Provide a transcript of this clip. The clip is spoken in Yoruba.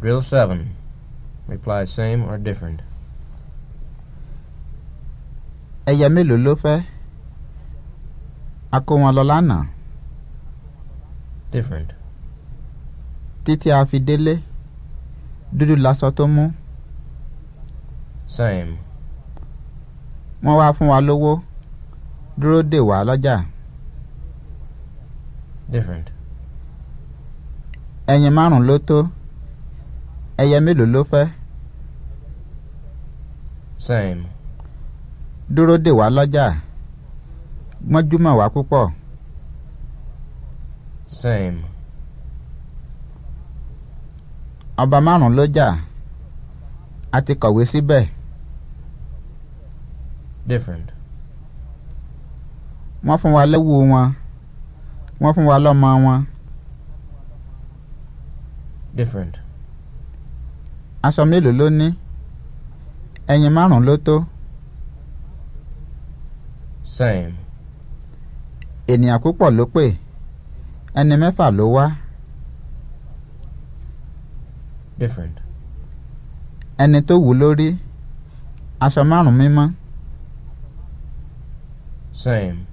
Drill 7. Reply same or different. Ẹyẹ mélòó ló fẹ́? A kó wọn lọ lánàá. Different. Títí a fi délé. Dúdú láṣọ tó mú. Same. Wọ́n wá fún wa lówó. Dúró dè wá lọ́jà. Different. Ẹyin márùn-ún ló tó ẹyẹ mélòó ló fẹ́. same. dúró de wá lọ́jà gbọ́njúmọ̀ wá púpọ̀. same. ọba márùn-ún ló jà a ti kọ̀wé síbẹ̀. different. wọ́n fún wa lẹ́wù wọn wọ́n fún wa lọ́mọ wọn. different aṣọ mélòó ló ní ẹyin márùn ló tó. same. ènìyàn púpọ̀ ló pè ẹni mẹ́fà ló wá. different. ẹni tó wù lórí aṣọ márùn mímọ́. same.